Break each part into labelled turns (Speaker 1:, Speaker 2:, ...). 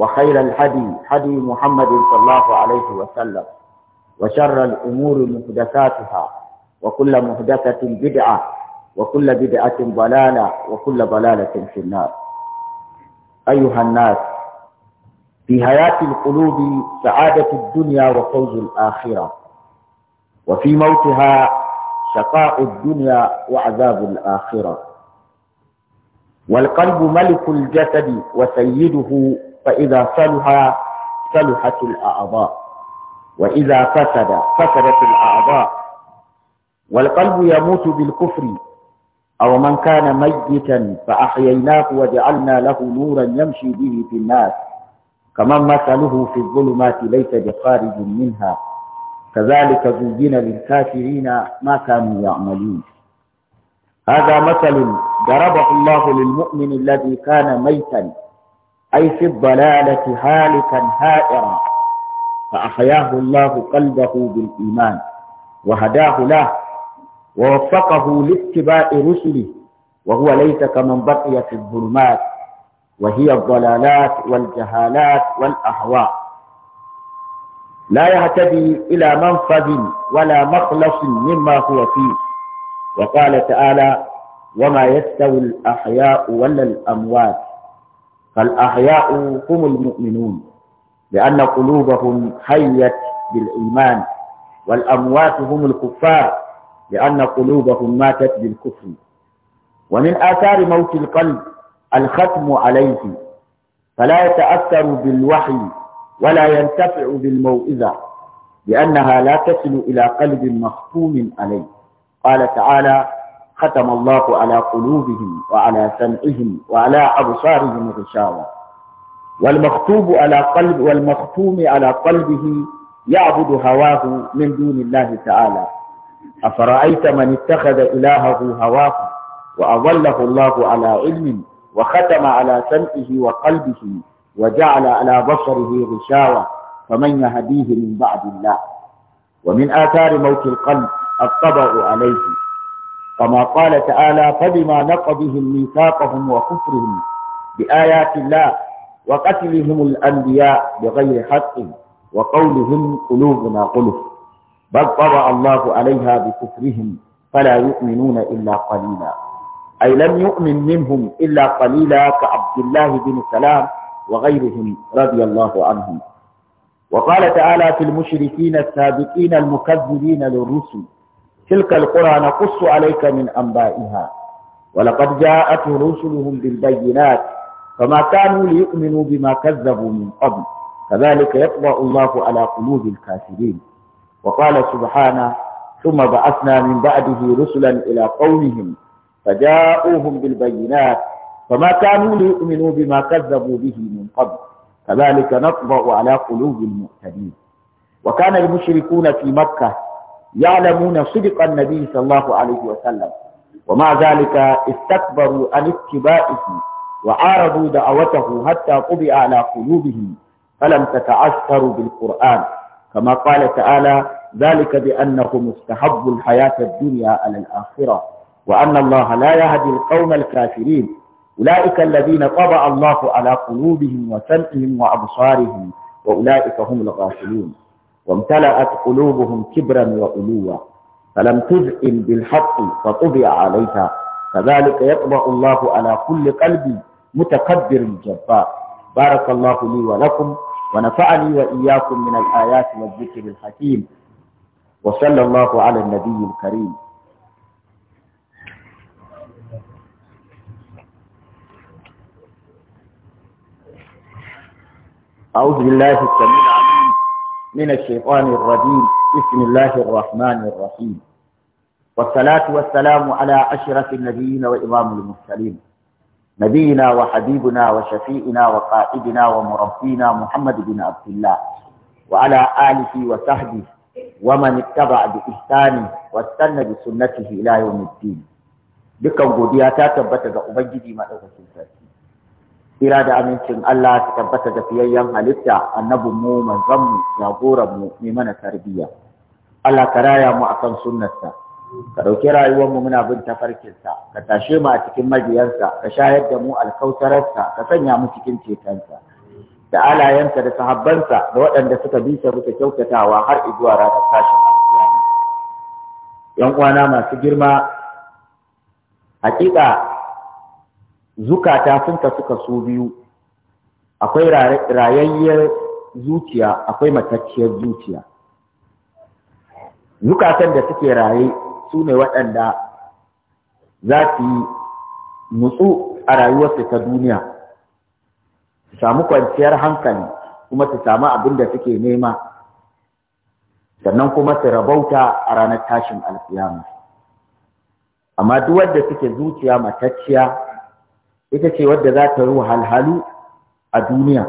Speaker 1: وخير الهدي هدي محمد صلى الله عليه وسلم وشر الأمور محدثاتها وكل محدثة بدعة وكل بدعة ضلالة وكل ضلالة في النار أيها الناس في حياة القلوب سعادة الدنيا وفوز الآخرة وفي موتها شقاء الدنيا وعذاب الآخرة والقلب ملك الجسد وسيده فإذا صلح صلحت الأعضاء وإذا فسد فسدت الأعضاء والقلب يموت بالكفر أو من كان ميتا فأحييناه وجعلنا له نورا يمشي به في الناس كمن مثله في الظلمات ليس بخارج منها كذلك زين للكافرين ما كانوا يعملون هذا مثل ضربه الله للمؤمن الذي كان ميتا أي في الضلالة هالكا هائرا فأحياه الله قلبه بالإيمان وهداه له ووفقه لاتباع رسله وهو ليس كمن بقي في الظلمات وهي الضلالات والجهالات والأهواء لا يهتدي إلى منفذ ولا مخلص مما هو فيه وقال تعالى وما يستوي الأحياء ولا الأموات فالأحياء هم المؤمنون لأن قلوبهم حيت بالإيمان والأموات هم الكفار لأن قلوبهم ماتت بالكفر ومن آثار موت القلب الختم عليه فلا يتأثر بالوحي ولا ينتفع بالموئذة لأنها لا تصل إلى قلب مختوم عليه قال تعالى ختم الله على قلوبهم وعلى سمعهم وعلى أبصارهم غشاوة والمخطوب على قلب والمختوم على قلبه يعبد هواه من دون الله تعالى أفرأيت من اتخذ إلهه هواه وأضله الله على علم وختم على سمعه وقلبه وجعل على بصره غشاوة فمن يهديه من بعد الله ومن آثار موت القلب الطبع عليه كما قال تعالى فبما نقضهم ميثاقهم وكفرهم بآيات الله وقتلهم الأنبياء بغير حق وقولهم قلوبنا قلوب بل طبع الله عليها بكفرهم فلا يؤمنون إلا قليلا أي لم يؤمن منهم إلا قليلا كعبد الله بن سلام وغيرهم رضي الله عنهم وقال تعالى في المشركين السابقين المكذبين للرسل تلك القرى نقص عليك من أنبائها ولقد جاءت رسلهم بالبينات فما كانوا ليؤمنوا بما كذبوا من قبل كذلك يطبع الله على قلوب الكافرين وقال سبحانه ثم بعثنا من بعده رسلا إلى قومهم فجاءوهم بالبينات فما كانوا ليؤمنوا بما كذبوا به من قبل كذلك نطبع على قلوب المعتدين وكان المشركون في مكة يعلمون صدق النبي صلى الله عليه وسلم ومع ذلك استكبروا عن اتباعه وعارضوا دعوته حتى طبع على قلوبهم فلم تتعثروا بالقرآن كما قال تعالى ذلك بأنهم استحبوا الحياة الدنيا على الآخرة وأن الله لا يهدي القوم الكافرين أولئك الذين طبع الله على قلوبهم وسمعهم وأبصارهم وأولئك هم الغافلون وامتلأت قلوبهم كبرا وألوا فلم تذئن بالحق فطبع عليها كذلك يطبع الله على كل قلب متكبر جبار بارك الله لي ولكم ونفعني وإياكم من الآيات والذكر الحكيم وصلى الله على النبي الكريم أعوذ بالله السميع العليم من الشيطان الرجيم بسم الله الرحمن الرحيم والصلاة والسلام على أشرف النبيين وإمام المرسلين نبينا وحبيبنا وشفيئنا وقائدنا ومربينا محمد بن عبد الله وعلى آله وصحبه ومن اتبع بإحسانه واستنى بسنته إلى يوم الدين بكم godiya ta tabbata ga Ubangiji maɗaukakin kira da amincin Allah ta tabbata da fiyayyen halitta annabin mu manzon mu jagoran mu mai mana tarbiyya Allah ka raya mu akan sunnarsa ka dauki rayuwar mu muna bin tafarkinsa ka tashe mu a cikin mabiyansa ka shayar da mu alkautararsa ka sanya mu cikin cetonsa da alayensa da sahabbansa da waɗanda suka bi sa muke kyautatawa har zuwa ranar tashin alkiyama yan uwana masu girma hakika zukata sun suka kaso biyu akwai rayayyar zuciya akwai matacciyar zuciya zukatan da suke raye su ne waɗanda za su yi nutsu a rayuwarsu ta duniya su samu kwanciyar hankali kuma su samu abin da suke nema sannan kuma su rabauta a ranar tashin alfiyama amma duk wanda suke zuciya matacciya ita ce wadda za ta halhalu a duniya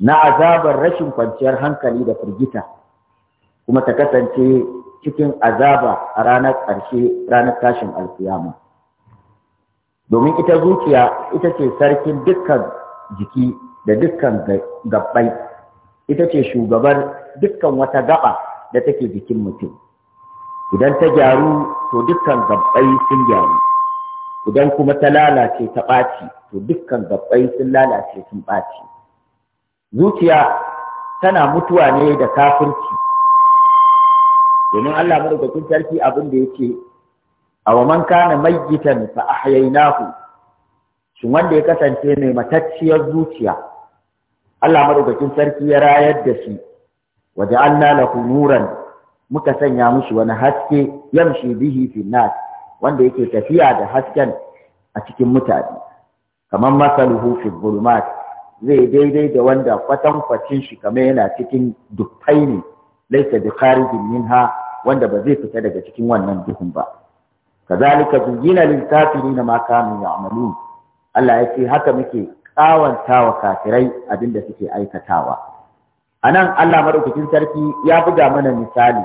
Speaker 1: na azabar rashin kwanciyar hankali da firgita kuma ta kasance cikin azaba a ranar ƙarshe ranar tashin alfiyama. domin ita zuciya ita ce sarkin dukkan jiki da dukkan gabbai ita ce shugabar dukkan wata gaba da take jikin mutum idan ta gyaru to dukkan gabbai sun gyaru idan kuma ta lalace ta ɓaci to dukkan gabbai sun lalace sun ɓaci zuciya tana mutuwa ne da kafirci domin Allah madaukakin sarki abin da yake a wa man kana mayyitan fa ahyaynahu shin wanda ya kasance mai matacciyar zuciya Allah madaukakin sarki ya rayar da shi waje lahu nuran muka sanya mushi wani haske yamshi bihi fi nas wanda yake tafiya da hasken a cikin mutane kamar masaluhu fi zulumat zai daidai da wanda kwatankwacin shi kamar yana cikin dukkai ne laisa bi kharijin minha wanda ba zai fita daga cikin wannan duhun ba kazalika zuyina lil kafirin ma kanu ya'malun Allah ya ce haka muke kawantawa kafirai abinda suke aikatawa anan Allah madaukakin sarki ya buga mana misali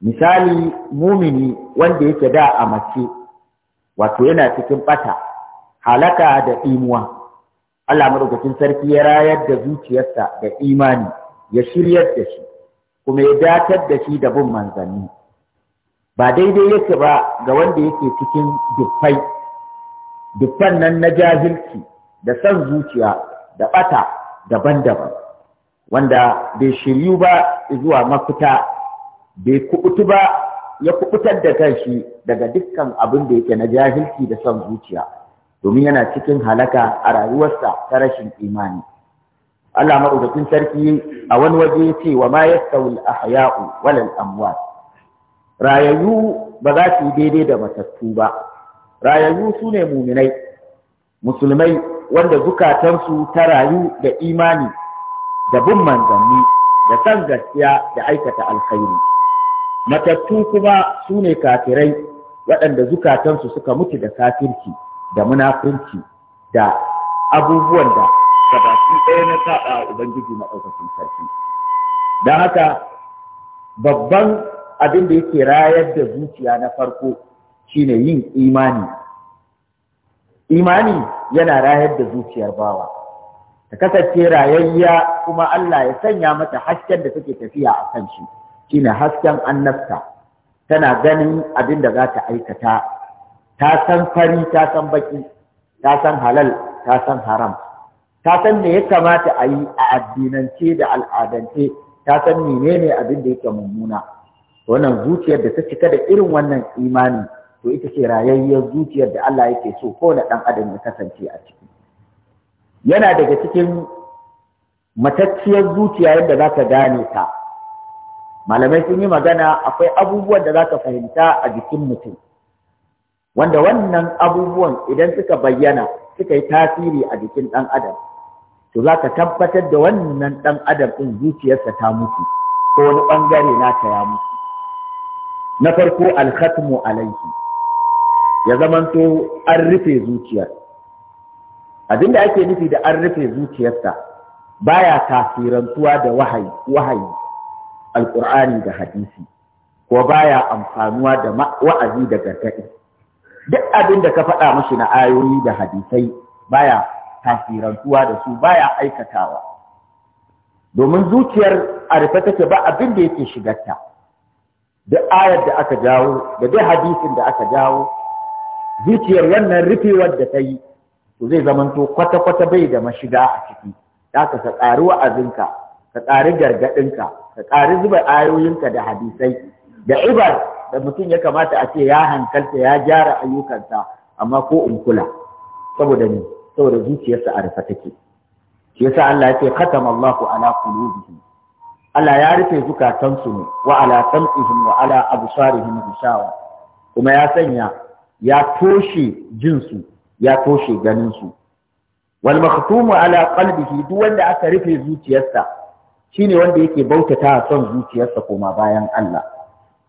Speaker 1: misali mumini wanda yake da a mace wato yana cikin bata halaka da imuwa Allah madaukakin sarki ya rayar da zuciyarsa da imani ya shiryar da shi kuma ya datar da shi da bin manzanni ba daidai yake ba ga wanda yake cikin dufai dufan nan na jahilci da san zuciya da bata daban-daban wanda bai shiryu ba zuwa mafita bai kubutu ba ya kubutar da kanshi daga dukkan abin da yake na jahilci da son zuciya domin yana cikin halaka a rayuwarsa ta rashin imani Allah madaukakin sarki a wani waje ya ce wa ma yastawil ahya'u walal amwat rayayyu ba za su yi daidai da matattu ba rayayyu su ne muminai musulmai wanda zukatansu ta rayu da imani da bin manzanni da san gaskiya da aikata alkhairi matattu kuma su ne kafirai waɗanda zukatansu suka mutu da kafirci da munafunci da abubuwan da gabaki ɗaya na saɓa a Ubangiji maɗaukakin sarki. Don haka babban abin da yake rayar da zuciya na farko shine yin imani. Imani yana rayar da zuciyar bawa. Ta kasance rayayya kuma Allah ya sanya mata hasken da take tafiya a kan shi. shine hasken annabta tana ganin abin da za ta aikata ta san fari ta san baki ta san halal ta san haram ta san me ya kamata a yi a addinance da al'adance ta san menene abin da yake mummuna wannan zuciyar da ta cika da irin wannan imani to ita ce rayayyar zuciyar da Allah yake so ko da dan adam ya kasance a ciki yana daga cikin matacciyar zuciya yadda za ka gane ta malamai sun yi magana akwai abubuwan da za ka fahimta a jikin mutum wanda wannan abubuwan idan suka bayyana suka yi tasiri a jikin ɗan adam to za ka tabbatar da wannan ɗan adam ɗin zuciyarsa ta mutu ko wani ɓangare ta ya mutu na farko alkhatmu alaihi ya zamanto an rufe zuciyar abinda ake nufi da an rufe zuciyarsa baya tasirantuwa da wahayi wahayi alƙur'ani da hadisi ko baya amfanuwa da wa'azi da gargaɗi duk abin da ka faɗa mashi na ayoyi da hadisai baya tasirantuwa da su baya aikatawa domin zuciyar a rufe take ba abin da yake shigarta duk ayar da aka jawo da duk hadisin da aka jawo zuciyar wannan rufewar da ta yi to zai zamanto kwata-kwata bai da mashiga a ciki da ka tsari wa'azinka ka ƙari gargaɗinka ka ƙari zuba ayoyinka da hadisai da ibar da mutum ya kamata a ce ya hankalta ya gyara ayyukansa amma ko in kula saboda ni saboda zuciyarsa a rufe take shi yasa Allah ya ce khatam Allahu ala qulubihim Allah ya rufe zukatansu ne wa ala sam'ihim wa ala absarihim bishawa kuma ya sanya ya toshe jinsu ya toshe ganinsu wal makhtumu ala qalbihi duk wanda aka rufe zuciyarsa ne wanda yake bautata son zuciyarsa koma bayan Allah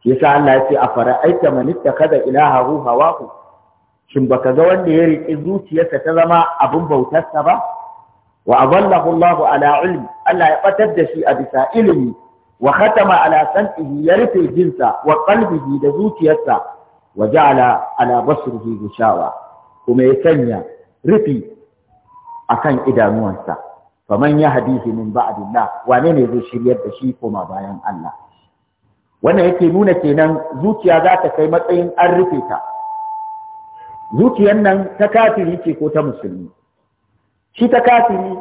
Speaker 1: shi yasa Allah ya ce a fara'aita man ittakhadha ilahahu hawahu shin baka ga wanda ya riƙe zuciyarsa ta zama abin bautarsa ba wa adallahu Allahu ala ilmi Allah ya ɓatar da shi a bisa ilimi wa khatama ala sam'ihi ya rufe jinsa wa qalbihi da zuciyarsa wa ja'ala ala basrihi gushawa. kuma ya sanya rufi akan idanuwansa faman ya hadisi min ba'dillah wane ne zai shiryar da shi koma bayan Allah wannan yake nuna kenan zuciya za ta kai matsayin an rufe ta zuciyar nan ta kafiri ce ko ta musulmi shi ta kafiri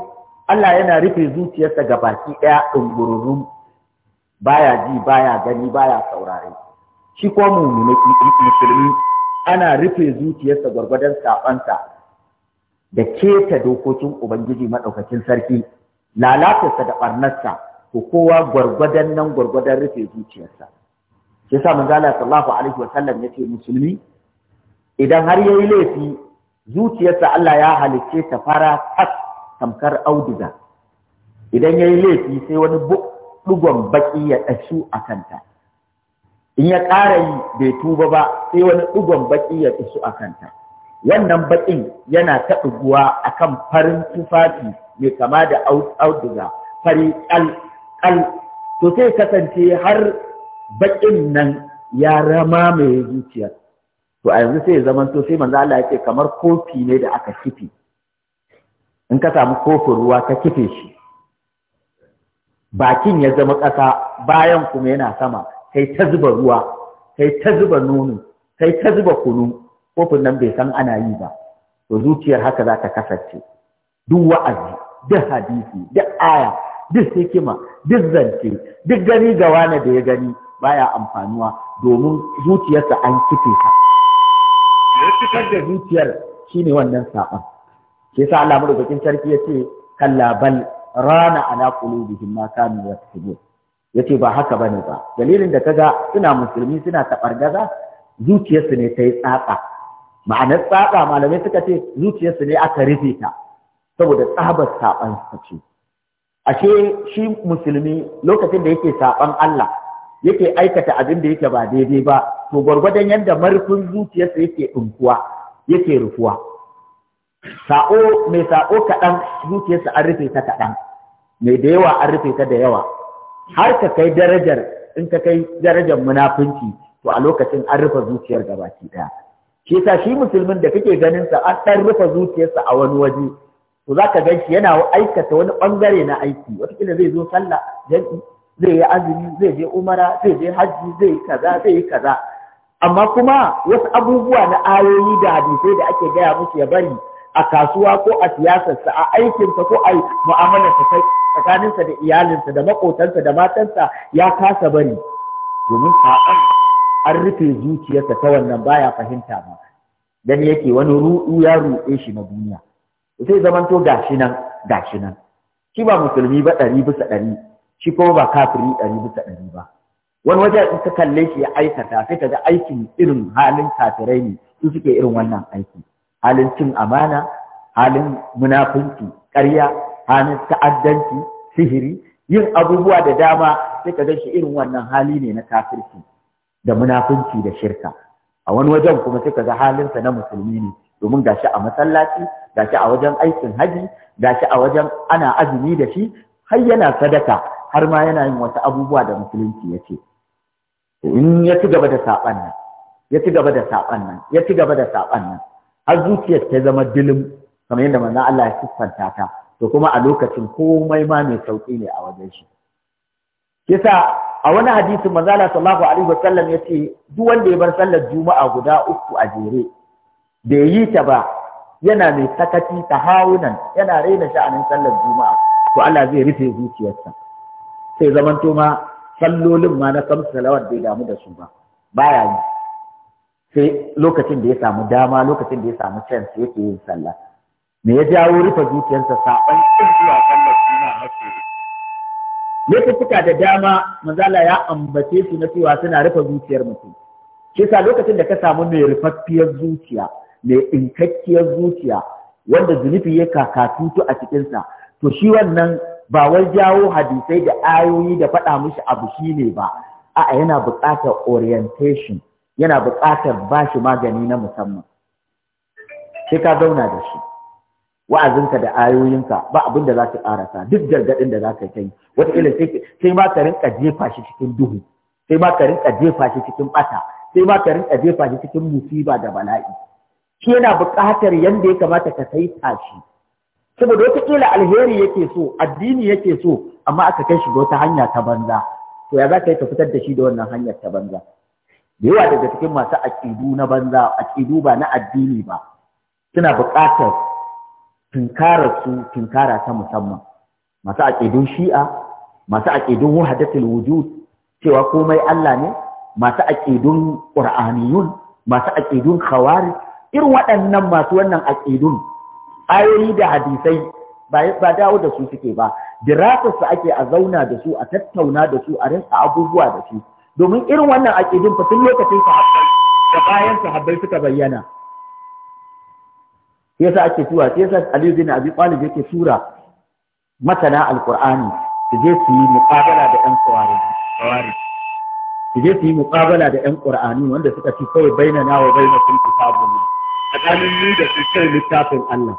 Speaker 1: Allah yana rufe zuciyarsa ga baki ɗaya ɗungururun baya ji baya gani baya saurare shi ko musulmi ana rufe zuciyarsa gwargwadon sabansa da keta dokokin Ubangiji maɗaukacin sarki lalatarsa da ɓarnarsa ko kowa gwargwadon nan gwargwadon rufe zuciyarsa. Shi sa manzala sallallahu alaihi Sallam ya ce musulmi idan har yayi laifi zuciyarsa Allah ya halicce ta fara tas tamkar auduga. Idan yayi laifi sai wani ɗugon baƙi ya ɗashu a kanta. In ya ƙara yi bai tuba ba sai wani ɗugon baƙi ya ɗashu a kanta. wannan baƙin yana ta ɗuguwa a kan farin tufafi mai kama da auduga fari ƙal to sai kasance har baƙin nan ya rama mai zuciyar to a yanzu sai zaman to sai manzo Allah ya kamar kofi ne da aka kife in ka samu kofin ruwa ka kife shi bakin ya zama ƙasa bayan kuma yana sama kai ta zuba ruwa kai ta zuba nono kai ta zuba kunu kofin nan bai san ana yi ba to zuciyar haka za ta kasance duk wa'azi duk hadisi duk aya duk hikima duk zance duk gani ga wani da ya gani baya amfanuwa domin zuciyarsa an kife ta fitar da zuciyar shine wannan saɓan. ke sa Allah bakin sarki ya ce kalla bal rana ala qulubihim ma kanu yaktubun yace ba haka bane ba dalilin da ga suna musulmi suna taɓargaza zuciyarsu ne ta yi tsatsa ma'anar tsaba malamai suka ce zuciyarsu ne aka rufe ta saboda tsabar saban ce ashe shi musulmi lokacin da yake saban Allah yake aikata abin da yake ba daidai ba to gwargwadon yadda marfin zuciyarsa yake dinkuwa yake rufuwa sa'o mai sa'o kaɗan zuciyarsa an rufe ta kaɗan mai da yawa an rufe ta da yawa har ka kai darajar in ka kai darajar munafunci to a lokacin an rufe zuciyar gabaki ɗaya shi sa shi musulmin da kake ganin sa an dan rufe zuciyarsa a wani waje to zaka gan shi yana aikata wani bangare na aiki kila zai zo sallah jami'i zai yi azumi zai je umara zai je hajji zai yi kaza zai yi kaza amma kuma wasu abubuwa na ayoyi da hadisai da ake gaya musu ya bari a kasuwa ko a siyasarsa a aikinsa ko a mu'amalarsa tsakaninsa da iyalinsa da maƙotansa da matansa ya kasa bari domin an rufe zuciyarsa ta wannan baya fahimta ba dan yake wani ruɗu ya ruɗe shi na duniya sai zamanto gashi nan gashi nan shi ba musulmi ba ɗari bisa ɗari shi kuma ba kafiri ɗari bisa ɗari ba wani wajen in ka kalle shi ya aikata sai ka ga aikin irin halin kafirai ne su suke irin wannan aiki halin cin amana halin munafunci ƙarya halin ta'addanci sihiri yin abubuwa da dama sai ka ga shi irin wannan hali ne na kafirci da munafunci da shirka a wani wajen kuma sai ga halinsa na musulmi ne domin gashi a masallaci gashi a wajen aikin haji gashi a wajen ana azumi da shi har yana sadaka har ma yana yin wasu abubuwa da musulunci ya ce in ya ci gaba da saɓan nan ya ci gaba da saɓan nan ya ci gaba da saɓan nan har zuciyar ta zama dilim kamar yadda manzon Allah ya siffanta ta to kuma a lokacin komai ma mai sauƙi ne a wajen shi kisa a wani hadisi manzo Allah sallallahu alaihi wasallam yace duk wanda ya bar sallar juma'a guda uku a jere bai yi ta ba yana mai sakaci hawunan yana raina sha'anin sallar juma'a to Allah zai rufe zuciyarsa sai zaman to ma sallolin ma na kamsu salawat bai damu da su ba baya yi sai lokacin da ya samu dama lokacin da ya samu chance yake yin sallah me ya jawo rufe zuciyarsa saban zuwa laifuffuka da dama Mazala ya ambace su na cewa suna rufe zuciyar mutum shi sa lokacin da ka samu mai rufaffiyar zuciya mai inkakkiyar zuciya wanda zunubi ya kaka kakatutu a cikinsa to shi wannan ba wai jawo hadisai da ayoyi da faɗa mishi abu shi ne ba a'a yana buƙatar orientation yana buƙatar bashi magani na musamman sai ka zauna da shi wa'azinka da ayoyinka ba abin da za ka karasa duk gargadin da za ka kai wataƙila sai ma ka rinka jefa shi cikin duhu sai ma ka rinka jefa shi cikin bata sai ma ka rinka jefa shi cikin musiba da bala'i shi yana buƙatar yanda ya kamata ka saita shi saboda wataƙila alheri yake so addini yake so amma aka kai shi ga wata hanya ta banza to ya za ka yi ka fitar da shi da wannan hanyar ta banza da yawa daga cikin masu aƙidu na banza aƙidu ba na addini ba suna buƙatar tunkara su tunkara ta musamman masu aƙidun shi'a masu aƙidun wahadatul wujud cewa komai Allah ne masu aƙidun qur'aniyun masu aƙidun khawarij irin waɗannan masu wannan aƙidun ayoyi da hadisai ba dawo da su suke ba dirasar su ake a zauna da su a tattauna da su a rinsa abubuwa da su domin irin wannan aƙidun fa tun lokacin sahabbai da bayan sahabbai suka bayyana yasa ake ciwa sai yasa Ali bin Abi Talib yake tura masana alqur'ani su je su yi muqabala da ɗan sawari su je su yi muqabala da ɗan qur'ani wanda suka ci kawai bainana wa bainakum kitabun tsakanin ni da su kai littafin Allah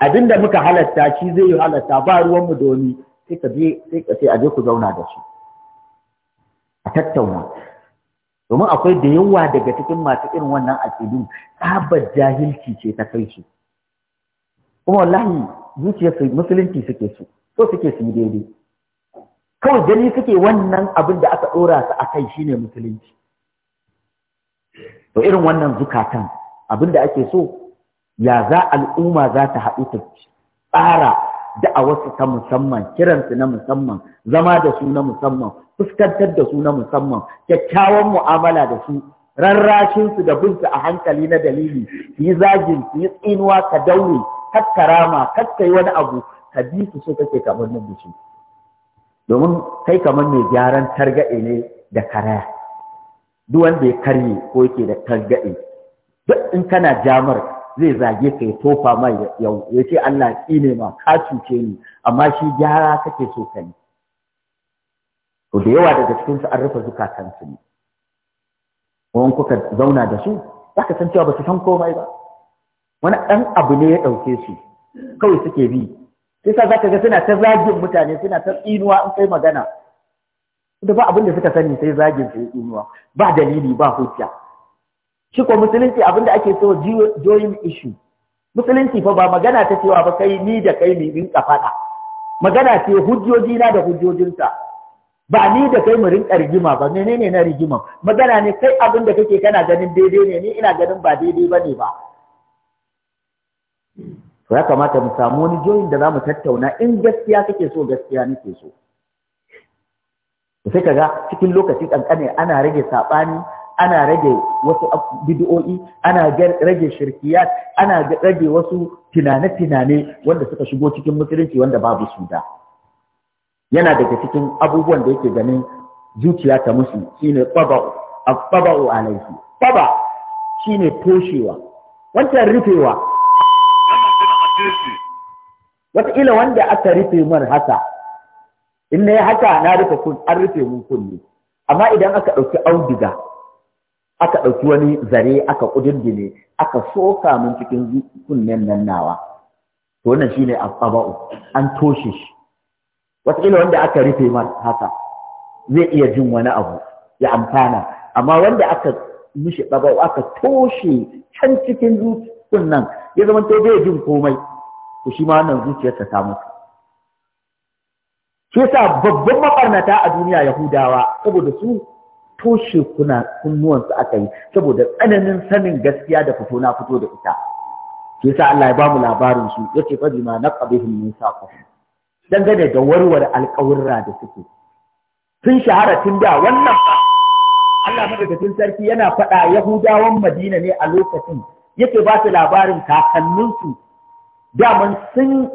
Speaker 1: abinda muka halatta shi zai yi halatta ba ruwan mu domi sai ka je sai ka sai a je ku zauna da shi. a tattauna domin akwai da yawa daga cikin masu irin wannan aƙidun tsabar jahilci ce ta kai su kuma wallahi zuciyar musulunci suke su so suke su yi daidai kawai gani suke wannan abin da aka ɗora su a kai shine musulunci to irin wannan zukatan abin da ake so ya za al'umma za ta haɗu ta tsara da'awarsu ta musamman kiransu na musamman zama da su na musamman fuskantar da su na musamman kyakkyawan mu'amala da su rarrashinsu da binsu a hankali na dalili su yi zagin su yi tsinuwa ka daure ma kakkai wani abu ka bi su so kake kamar nan da shi domin kai kamar mai gyaran targaɗe ne da karaya duk wanda ya karye ko yake da targaɗe duk in kana jamar zai zage ka ya tofa mai yau ya ce Allah ki ne ma ka cuce ni amma shi gyara kake so ka yi to da yawa daga cikin su an rufe zukatansu ne ko kuka zauna da su zaka san cewa ba su san komai ba wani ɗan abu ne ya ɗauke su kawai suke bi sai sa zaka ga suna ta zagin mutane suna ta tsinuwa in kai magana da ba abin da suka sani sai zagin sai tsinuwa ba dalili ba hujja shi ko musulunci abin da ake so join issue musulunci fa ba magana ta cewa ba kai ni da kai ne rinka faɗa magana ce hujjoji na da hujjojinsa ba ni da kai mu rinka rigima ba menene na rigima magana ne kai abin da kake kana ganin daidai ne ni ina ganin ba daidai bane ba to ya kamata mu samu wani joyin da za mu tattauna in gaskiya kake so gaskiya nake so sai ga cikin lokaci ƙanƙani ana rage saɓani, ana rage wasu bid'o'i ana rage shirkiyat ana rage wasu tunane-tunane wanda suka shigo cikin musulunci wanda babu su da yana daga cikin abubuwan da yake ganin zuciya ta musu shi ne ƙwaba'u a laifi. Ƙwaba shi ne toshewa wancan rufewa wataƙila wanda aka rufe man haka in na yi haka na rufe kun an rufe mun kunne amma idan aka ɗauki auduga aka ɗauki wani zare aka ƙudurgine aka soka mun cikin kunnen nan nawa to wannan ne asaba'u an toshe shi wataƙila wanda aka rufe man haka zai iya jin wani abu ya amfana amma wanda aka mishi ɓabau aka toshe can cikin Kun nan ya zama to bai jin komai ku shi ma wannan zuciyarsa ta mutu shi yasa babban mabarnata a duniya yahudawa saboda su toshe kuna kunnuwansu aka yi saboda tsananin sanin gaskiya da fito na fito da ita shi yasa Allah ya bamu labarin su yace fa bima naqabihim musa, dangane da warware alƙawurra da suke sun shahara tun da wannan Allah madaukakin sarki yana faɗa Yahudawan Madina ne a lokacin yake ba su labarin kakanninsu daman sun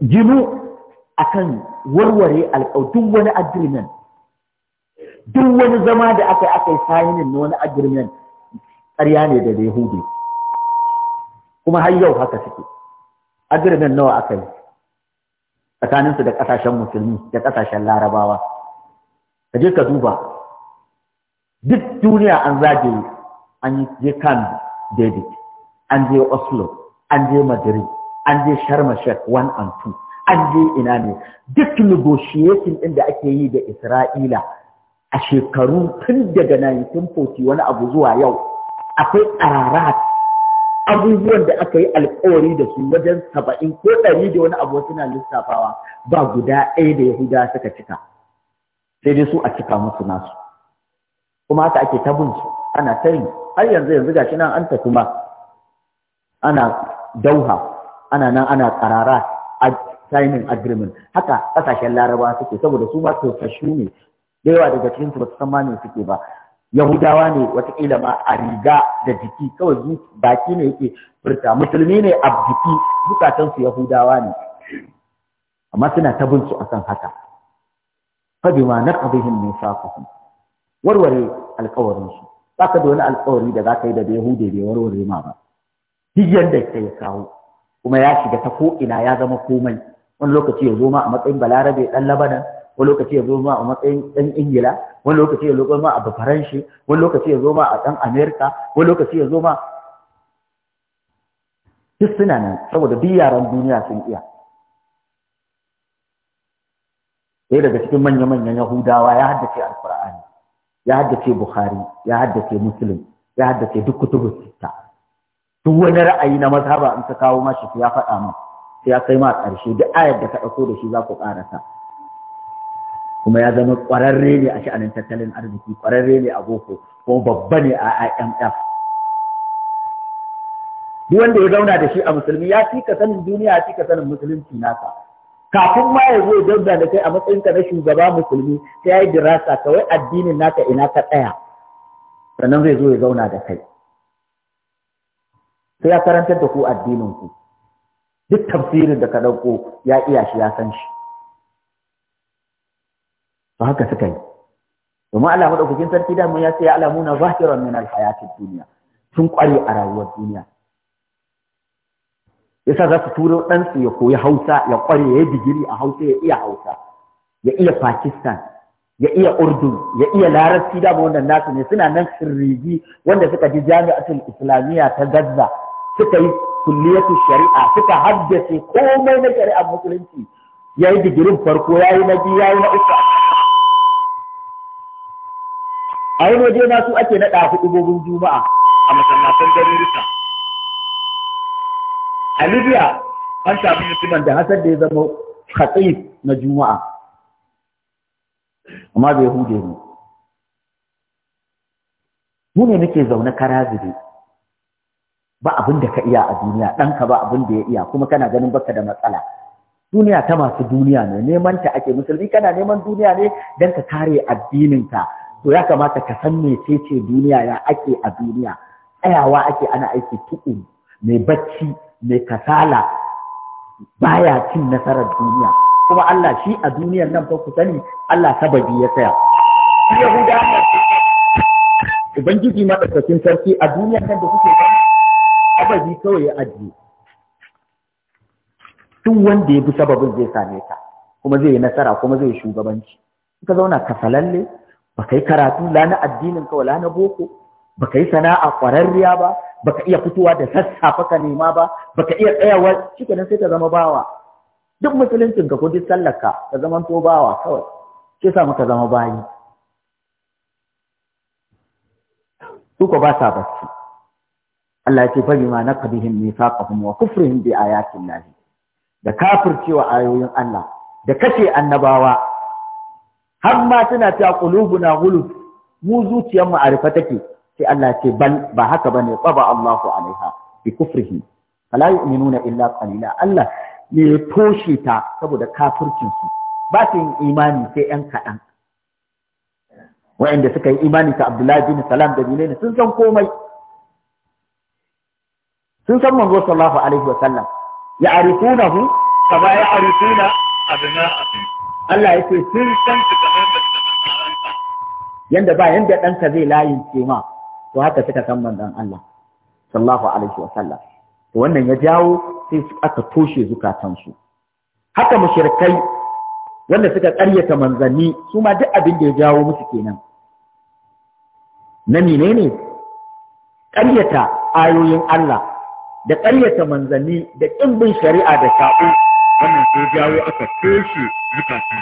Speaker 1: jinu akan warware alƙautun wani agreement duk wani zama da aka yi aka yi sayinin na wani agreement ƙarya ne da yahudi kuma har yau haka suke agreement nawa aka yi tsakaninsu da ƙasashen musulmi da ƙasashen larabawa ka je ka duba duk duniya an zagaye an yi je kan david an je oslo an je madrid an je sharma sheikh one and two an je ina ne duk negotiation ɗin da ake yi da isra'ila a shekaru tun daga 1940 wani abu zuwa yau akwai tsarara abubuwan da aka yi alkawari da su wajen saba'in ko ɗari da wani abu suna lissafawa ba guda ɗaya da yahuda suka cika sai dai su a cika musu nasu kuma haka ake tabin su ana tari har yanzu yanzu gashi nan an tafi ma ana dauha ana nan ana karara a signing agreement haka kasashen Laraba suke saboda su ma tosashu ne da yawa daga cikin su ba su san ma ne suke ba yahudawa ne watakila ma a riga da jiki kawai baki ne yake furta musulmi ne a jiki su yahudawa ne amma suna ta bin su akan haka fa bima naqdihim mithaqahum warware alƙawarin su ba ka da wani alkawari da za ka yi da hude bai warware ma ba duk yadda ka ya kawo kuma ya shiga ta ko'ina ya zama komai wani lokaci ya zo ma a matsayin balarabe ɗan labanan wani lokaci ya zo ma a matsayin ɗan ingila wani lokaci ya zo ma a bafaranshi wani lokaci ya zo ma a ɗan amerika wani lokaci ya zo ma duk suna nan saboda duk yaran duniya sun iya ɗaya daga cikin manya-manyan yahudawa ya haddace alkur'ani ya haddace bukhari ya haddace muslim ya haddace duk kutubu sita duk wani ra'ayi na mazhaba in ka kawo mashi ya faɗa min sai ya kai ma ƙarshe duk ayar da ka ɗauko da shi za ku ƙarasa kuma ya zama ƙwararre ne a sha'anin tattalin arziki ƙwararre ne a boko kuma babba ne a IMF duk wanda ya zauna da shi a musulmi ya fi ka sanin duniya ya fi ka sanin musulunci nasa kafin ma ya zo dabba da kai a matsayinka na shugaba musulmi ta ya yi dirasa kawai addinin naka ina ka tsaya sannan zai zo ya zauna da kai sai ya karantar da ku addinin ku duk tafsirin da ka ɗauko ya iya shi ya san shi to haka suka yi domin Allah madaukakin sarki da mun ya sai ya alamuna zahiran min alhayatid duniya sun kware a rayuwar duniya yasa za su turo ɗansu ya koyi hausa ya ƙware ya yi digiri a hausa ya iya hausa ya iya pakistan ya iya urdun ya iya larabci da wannan nasu ne suna nan sirrigi wanda suka ji jami'atul islamiyya ta gaza suka yi kulliyatu shari'a suka haddace komai na shari'a musulunci ya yi digirin farko ya yi na biyu ya yi na uku a yi waje su ake naɗa hudu juma'a a masallatan garuruka a libya an samu mutumin da hasar da ya zama katsi na juma'a amma bai hude ne mu ne nake zaune kara zube ba abin da ka iya a duniya ɗanka ba abin da ya iya kuma kana ganin baka da matsala duniya ta masu duniya ne neman ta ake musulmi kana neman duniya ne don ka kare addininka to ya kamata ka san mecece duniya ya ake a duniya tsayawa ake ana aiki tuƙu mai bacci mai kasala baya cin nasarar duniya kuma Allah shi a duniyar nan ku sani Allah sababi ya saya Ubangiji madaukakin sarki a duniyar nan da kuke gani sababi kawai ya ajiye duk wanda ya bi sababin zai same ka kuma zai yi nasara kuma zai shugabanci ka zauna kasalalle ba kai karatu la na addinin ka la na boko baka yi sana'a ƙwararriya ba baka iya fitowa da sassafe ka nema ba baka iya tsayawa shikenan sai ta zama bawa duk musuluncin ka kudi sallaka, sallar ka zama to bawa kawai ke sa muka zama bayi su ko ba sa bacci Allah ya ce fa bima naqdihim mithaqahum wa kufrihim bi ayatin Allah da kafircewa ayoyin Allah da kace annabawa har ma suna ta qulubuna ghulub mu zuciyar mu a rufe take sai Allah ce bal ba haka bane qaba Allahu alaiha bi kufrihi fala yu'minuna illa qalila Allah ne ya toshe ta saboda kafircin su ba su yin imani sai yan kaɗan wa'anda suka yi imani ta Abdullahi bin Salam da Bilal sun san komai sun san manzo sallallahu alaihi wa sallam ya'rifunahu
Speaker 2: kama ya'rifuna
Speaker 1: abna'ahum Allah yake sun san su kamar yanda ba yanda ɗanka zai layin ce ma to haka suka san manzon Allah sallallahu alaihi wasallam to wannan ya jawo sai aka toshe zukatansu haka mushrikai wanda suka ƙaryata manzanni su ma duk abin da ya jawo musu kenan na menene ƙaryata ayoyin Allah da ƙaryata manzanni da ƙin bin shari'a da sha'u wannan sai jawo aka toshe zukata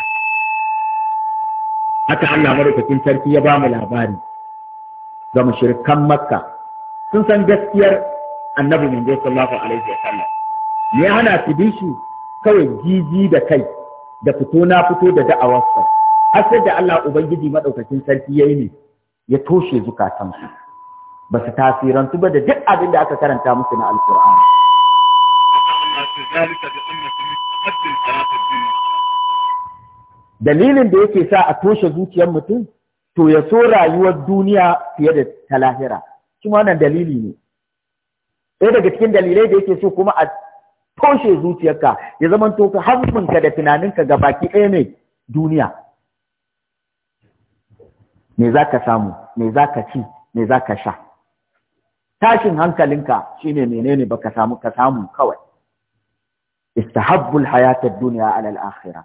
Speaker 1: haka Allah madaukakin sarki ya ba mu labari ga mushrikan makka sun san gaskiyar annabi manzo sallallahu alaihi wa sallam me hana su bi shi kawai jiji da kai da fito na fito da sa har sai da Allah ubangiji madaukakin sarki yayi ne ya toshe su ba su tasirantu ba da duk abin da aka karanta musu na alkur'ani dalilin da yake sa a toshe zuciyar mutum to ya so rayuwar duniya fiye da ta lahira shi wannan dalili ne ɗaya daga cikin dalilai da yake so kuma a toshe zuciyarka ya zama to ka da tunaninka ga baki ɗaya ne duniya me za ka samu me za ka ci me za ka sha tashin hankalinka shine menene baka samu ka samu kawai istahabbul hayatar duniya ala al-akhirah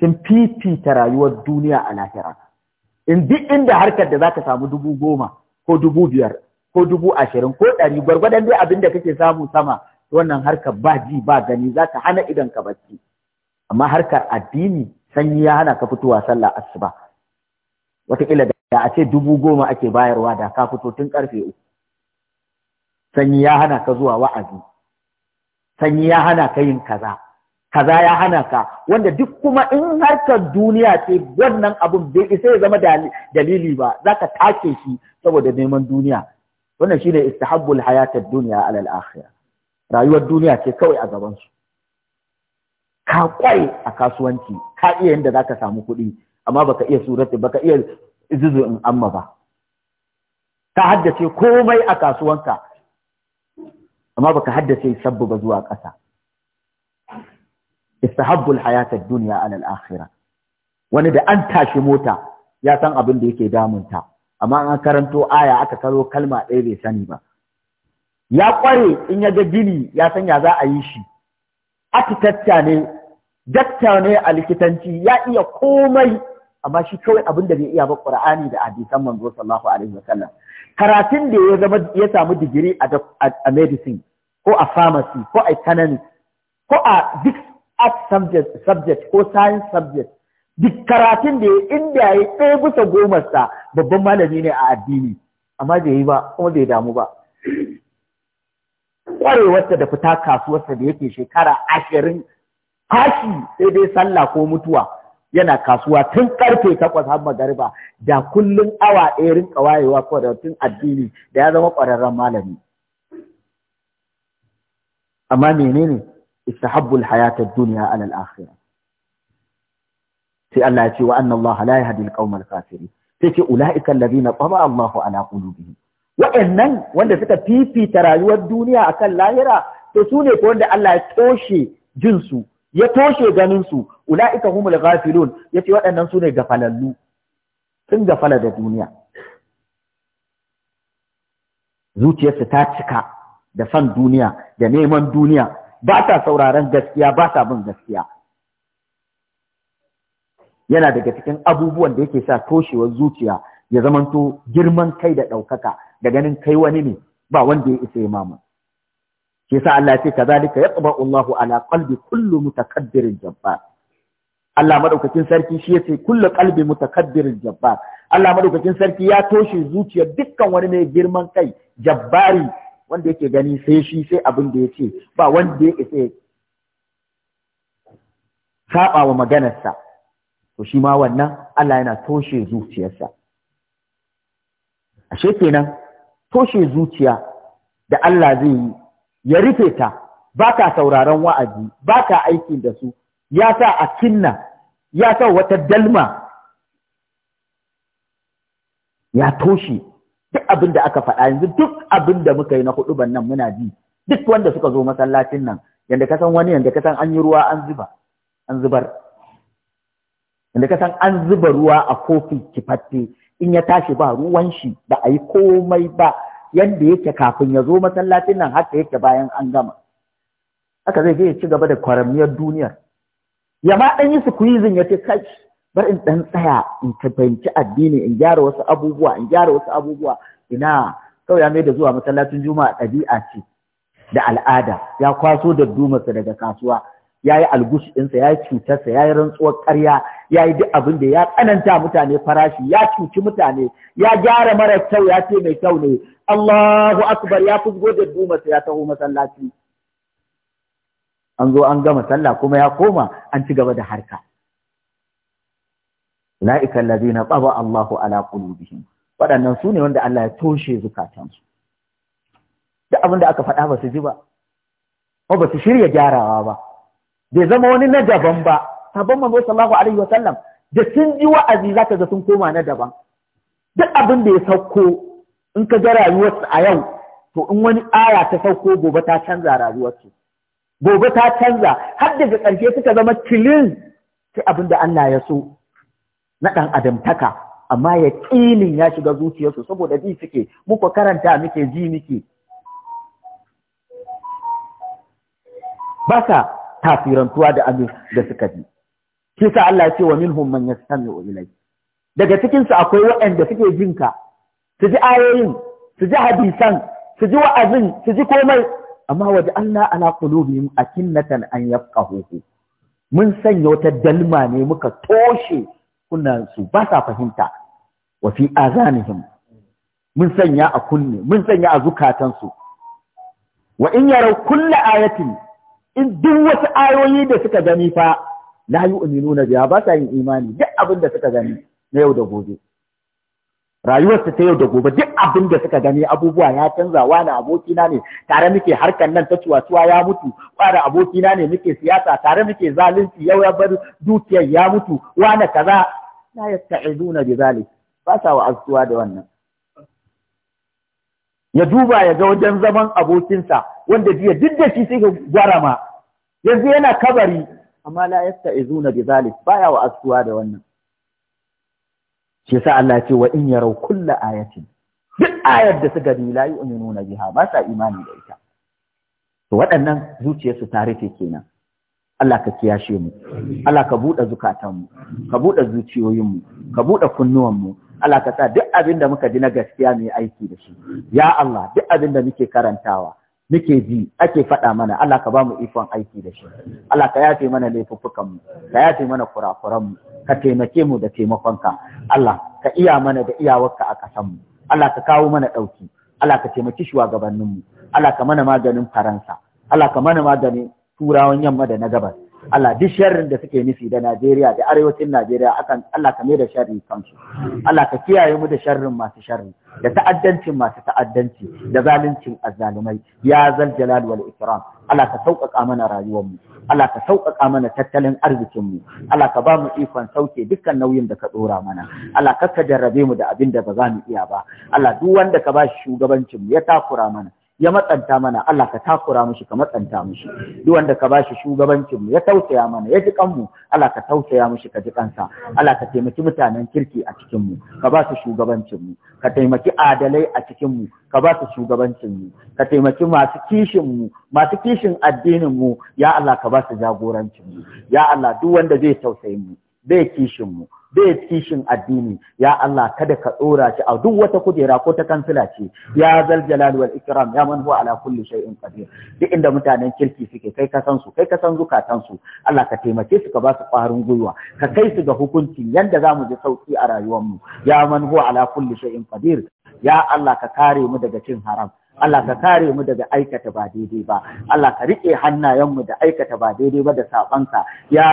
Speaker 1: kin fifita rayuwar duniya a lahira in duk inda harkar da zaka samu dubu goma ko dubu biyar ko dubu ashirin ko ɗari gwargwadon dai abin da kake samu sama wannan harkar ba ji ba gani za ka hana idan ka bacci amma harkar addini sanyi ya hana ka fitowa sallah asuba wataƙila da a ce dubu goma ake bayarwa da ka fito tun ƙarfe uku sanyi ya hana ka zuwa wa'azi sanyi ya hana ka yin kaza kaza ya hana ka wanda duk kuma in harkar duniya ce wannan abun bai isa ya zama dalili ba za ka take shi saboda neman duniya wannan shi shine istihabbul hayatar duniya alal akhira rayuwar duniya ce kawai a gaban su ka kwai a kasuwanci ka iya yanda ka samu kuɗi amma baka iya surati baka iya zuzu in amma ba ka haddace komai a kasuwanka amma baka haddace sabbaba zuwa ƙasa istahabbul hayatad dunya ala al-akhirah wani da an tashi mota ya san abin da yake damunta amma an karanto aya aka karo kalma ɗaya bai sani ba ya ƙware in ya ga gini ya san ya za a yi shi akitatta ne dakta ne a likitanci ya iya komai amma shi kawai abin da bai iya ba Qur'ani da hadisan manzo sallallahu alaihi wasallam karatun da ya zama ya samu digiri a medicine ko a pharmacy ko a economics ko a duk art subject, subject ko science subject duk karatun da ya inda ya ɗaya bisa sa babban malami ne a addini amma bai yi ba kuma bai damu ba ƙwarewarsa da fita kasuwarsa da yake shekara ashirin fashi sai dai sallah ko mutuwa yana kasuwa tun karfe takwas har magariba da kullum awa ɗaya rinka wayewa kwararrun addini da ya zama ƙwararren malami amma menene istahabbu al-hayata alal dunya ala al-akhirah sai Allah ya ce wa anna Allah la yahdi al-qawm al-kafirin sai ce ulaika alladhina taba Allahu wanda suka fifita rayuwar duniya akan lahira to sune ne wanda Allah ya toshe jin ya toshe ganin su ulaika humul ya ce waɗannan sune ne gafalallu sun gafala da duniya zuciyarsu ta cika da san duniya da neman duniya ba ta sauraron gaskiya ba ta bin gaskiya yana daga cikin abubuwan da yake sa toshewar zuciya ya zamanto girman kai da ɗaukaka da ganin kai wani ne ba wanda ya isa imamu ke sa Allah ce ya tsaba Allahu ala kalbi kullu mutakabbirin jabbar Allah madaukakin sarki shi yace kullu qalbi mutakabbirin jabbar Allah madaukakin sarki ya toshe zuciyar dukkan wani mai girman kai jabbari wanda yake gani sai shi sai abin da ya ce ba wanda ya isa saba wa maganarsa to shi ma wannan Allah yana toshe zuciyarsa ashe kenan toshe zuciya da Allah zai yi ya rufe ta ba ka sauraron wa'azi ba ka aiki da su ya sa a kinna ya sa wata dalma ya toshe duk abin da aka faɗa yanzu duk abin da muka yi na hudu nan muna ji duk wanda suka zo masallacin nan yanda ka san wani yanda ka san an yi ruwa an zuba an zubar yanda ka san an zuba ruwa a kofi kifatte in ya tashi ba ruwan shi ba a komai ba yanda yake kafin ya zo masallacin nan haka yake bayan an gama haka zai je ya ci gaba da kwaramiyar duniyar ya ma ɗan yi squeezing ya ce kai bar in ɗan tsaya in fahimci addini in gyara wasu abubuwa in gyara wasu abubuwa ina kawai ya mai da zuwa masallacin juma'a ɗabi'a ce da al'ada ya kwaso da dumarsa daga kasuwa ya yi algushi ɗinsa ya yi cutarsa ya yi rantsuwar ƙarya ya yi duk abin da ya tsananta mutane farashi ya cuci mutane ya gyara mara kyau ya ce mai kyau ne Allahu akbar ya fi da dumarsa ya taho masallaci an zo an gama sallah kuma ya koma an ci gaba da harka ula'ika allazina tsaba Allahu ala qulubihim waɗannan su ne wanda Allah ya toshe zukatansu duk abin da aka faɗa ba su ji ba ko ba su shirya gyarawa ba bai zama wani na daban ba sabon manzo sallallahu alaihi wa sallam da sun ji wa'azi zaka ga sun koma na daban duk abin da ya sauko in ka ga rayuwarsu a yau to in wani aya ta sauko gobe ta canza rayuwarsu gobe ta canza har daga ƙarshe suka zama kilin sai abin da Allah ya so na ɗan adamtaka amma ya ƙilin ya shiga zuciyarsu saboda ji suke muku karanta muke ji muke ba sa tafirantuwa da abin da suka ji shi sa Allah ya ce wa minhum man yastami'u ilayk daga cikinsu akwai waɗanda suke jin ka su ji ayoyin su ji hadisan su ji wa'azin su ji komai amma waje Allah ala qulubihim akinnatan an yafqahuhu mun sanya wata dalma ne muka toshe su ba sa fahimta wa fi azanihim mun sanya a kunne mun sanya a zukatan su. wa in yara kulla ayatin in duk wasu ayoyi da suka gani fa la na biha ba sa yin imani duk abin da suka gani na yau da gobe rayuwarsu ta yau da gobe duk abin da suka gani abubuwa ya canza wani abokina ne tare muke harkan nan ta cuwa ya mutu aboki abokina ne muke siyasa tare muke zalunci yau ya bar dukiyar ya mutu Wa wani kaza la yasta'iduna bi zalik ba sa wa'azuwa da wannan ya duba ya ga wajen zaman abokinsa wanda jiya duk da shi sai gwara ma yanzu yana kabari amma la yasta'izuna bi zalik baya wa asuwa da wannan shi yasa Allah ya ce wa in yarau kullu ayatin duk ayar da suka gani la yu'minuna biha ba sa imani da ita to waɗannan zuciyarsu ta rufe kenan Allah ka kiyashe mu Allah ka buɗe zukatanmu ka buɗe zuciyoyinmu ka buɗe kunnuwanmu Allah ka sa duk abin da muka ji na gaskiya mu yi aiki da shi ya Allah duk abin da muke karantawa muke ji ake faɗa mana Allah ka ba mu ikon aiki da shi Allah ka yafe mana laifuffukan mu ka yafe mana kurakuran mu ka taimake mu da taimakonka Allah ka iya mana da iyawarka a kasanmu. mu Allah ka kawo mana ɗauki Allah ka taimaki shugabanninmu Allah ka mana maganin Faransa Allah ka mana maganin turawan yamma da na gabas Allah duk sharrin da suke nufi da Najeriya da arewacin Najeriya akan Allah ka mai da sharri kansu Allah ka kiyaye mu da sharrin masu sharri da ta'addancin masu ta'addanci da zaluncin azzalumai ya zal jalal wal ikram Allah ka sauƙaƙa mana rayuwar mu Allah ka sauƙaƙa mana tattalin arzikin mu Allah ka ba mu ikon sauke dukkan nauyin da ka dora mana Allah ka ka jarrabe mu da abin da ba za mu iya ba Allah duk wanda ka ba shugabancin mu ya takura mana ya matsanta mana Allah ka takura mushi ka matsanta mushi duk wanda ka bashi shugabancin mu ya tausaya mana ya ji kanmu Allah ka tausaya mushi ka ji kansa Allah ka taimaki mutanen kirki a cikin mu ka ba su shugabancin mu ka taimaki adalai a cikin mu ka ba su shugabancin mu ka taimaki masu kishin mu masu kishin addinin mu ya Allah ka ba su jagorancin mu ya Allah duk wanda zai tausayi mu bai kishin mu bai kishin addini ya Allah kada ka tsora shi a duk wata kujera ko ta kansila ce ya zal jalal wal ikram ya man huwa ala kulli shay'in qadir duk inda mutanen kirki suke kai ka san su kai ka san zukatan su Allah ka taimake su ka ba su ƙwarin gwiwa ka kai su ga hukuncin yanda za mu ji sauki a rayuwar mu ya man huwa ala kulli shay'in qadir ya Allah ka kare mu daga cin haram Allah ka kare mu daga aikata ba daidai ba Allah ka rike hannayenmu da aikata ba daidai ba da sabanka ya